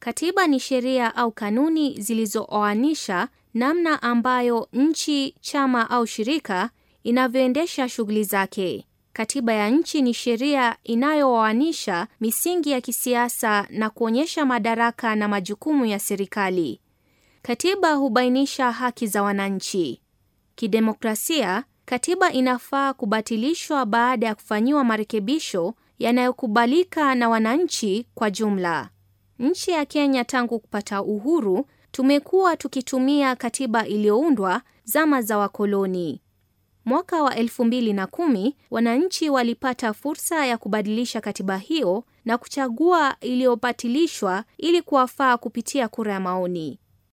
Katiba ni sheria au kanuni zilizooanisha namna ambayo nchi, chama au shirika inavyoendesha shughuli zake. Katiba ya nchi ni sheria inayooanisha misingi ya kisiasa na kuonyesha madaraka na majukumu ya serikali. Katiba hubainisha haki za wananchi. Kidemokrasia, katiba inafaa kubatilishwa baada ya kufanyiwa marekebisho yanayokubalika na wananchi kwa jumla. Nchi ya Kenya tangu kupata uhuru, tumekuwa tukitumia katiba iliyoundwa zama za wakoloni. Mwaka wa 2010 wananchi walipata fursa ya kubadilisha katiba hiyo na kuchagua iliyobatilishwa ili kuwafaa kupitia kura ya maoni.